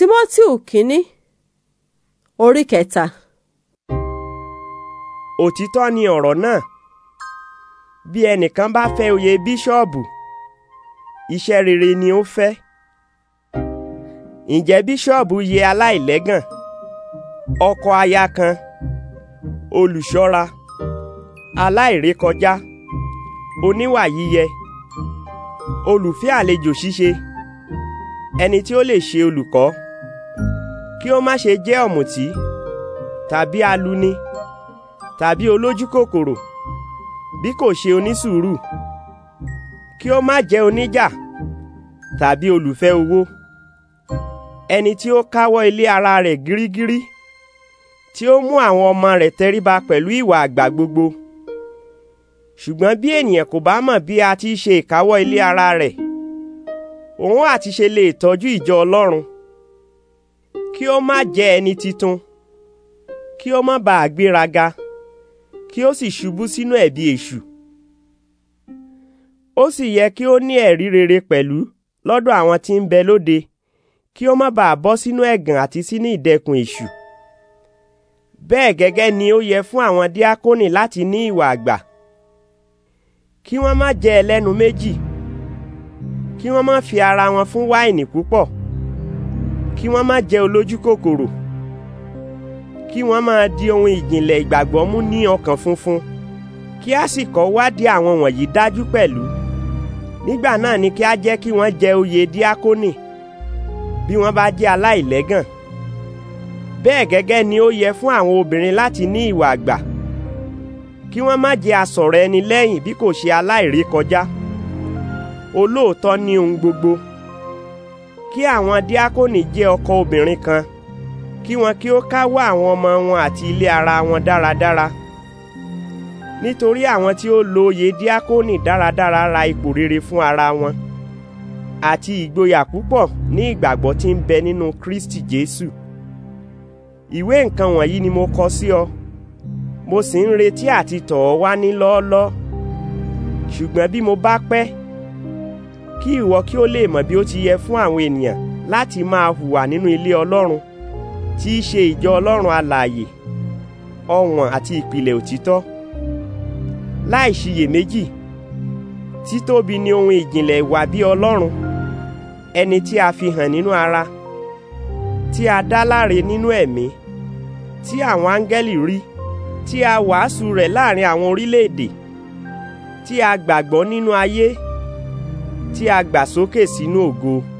Tímótíù kínní orí kẹta. Òtítọ́ ni ọ̀rọ̀ náà bí ẹnìkan bá fẹ́ oyè bíṣọ́ọ̀bù iṣẹ́ rere ni ó fẹ́ ǹjẹ́ bíṣọ́ọ̀bù yẹ aláìlẹ́gàn ọkọ aya kan olùṣọ́ra aláìrékọjá oníwà yíyẹ olùfẹ́ àlejò ṣíṣe ẹni tí ó lè ṣe olùkọ́ kí ó má ṣe jẹ́ ọ̀mùtí tàbí aluni tàbí olójú kòkòrò bí kò ṣe onísùúrù kí ó má jẹ́ oníjà tàbí olùfẹ́ owó ẹni tí ó káwọ́ ilé ara rẹ̀ gírígírí tí ó mú àwọn ọmọ rẹ̀ tẹríba pẹ̀lú ìwà àgbà gbogbo ṣùgbọ́n bí ènìyàn kò bá mọ̀ bí a ti ṣe ìkáwọ́ ilé ara rẹ̀ òun àti ṣe lè tọ́jú ìjọ Ọlọ́run kí ó má jẹ́ ẹni titun kí ó má bàa gbéraga kí ó sì ṣubú sínú ẹ̀bi èṣù ó sì yẹ kí ó ní ẹ̀rí rere pẹ̀lú lọ́dọ̀ àwọn tí ń bẹ lóde kí ó má bàa bọ́ sínú ẹ̀gàn àti sínú ìdẹkùn èṣù bẹ́ẹ̀ gẹ́gẹ́ ni ó yẹ fún àwọn díákónì láti ní ìwà àgbà kí wọ́n má jẹ́ ẹlẹ́nu méjì kí wọ́n má fi ara wọn fún wáìnì púpọ̀ kí wọ́n má jẹ́ olójú kòkòrò kí wọ́n máa di ohun ìjìnlẹ̀ ìgbàgbọ́ mú ní ọkàn funfun kí a sì kọ́ wádìí àwọn wọ̀nyí dájú pẹ̀lú nígbà náà ni kí a jẹ́ kí wọ́n jẹ oyè díákónì bí wọ́n bá jẹ́ aláìlẹ́gàn bẹ́ẹ̀ gẹ́gẹ́ ni ó yẹ fún àwọn obìnrin láti ní ìwà àgbà kí wọ́n má jẹ́ asọ̀rọ̀ ẹni lẹ́yìn bí kò ṣe aláìrékọjá olóòótọ́ ní ohun gbogbo kí àwọn díákónì jẹ́ ọkọ obìnrin kan kí wọn kí ó káwọ́ àwọn ọmọ wọn àti ilé ara wọn dáradára nítorí àwọn tí ó lo oyè díákónì dáradára ra ipò rere fún ara wọn àti ìgboyà púpọ̀ ní ìgbàgbọ́ tí ń bẹ nínú Kristi Jésù ìwé nǹkan wọ̀nyí ni mo kọ sí ọ mo sì ń retí àti tọ̀ ọ́ wá ní lọ́ọ́lọ́ ṣùgbọ́n bí mo bá pẹ́ kí ìwọ kí ó lè mọ̀ bí ó ti yẹ fún àwọn ènìyàn láti máa hùwà nínú ilé Ọlọ́run tí í ṣe ìjọ Ọlọ́run alààyè ọ̀wọ̀n àti ìpìlẹ̀ òtítọ́ láì títóbi ni ohun ìjìnlẹ̀ ìwà bí Ọlọ́run ẹni tí a fi hàn nínú ara tí a dá láre nínú ẹ̀mí tí àwọn áńgẹ́lì rí tí a wàásù rẹ̀ láàrin àwọn orílẹ̀-èdè tí a gbàgbọ́ nínú ayé tí a gbà sókè sínú ògo.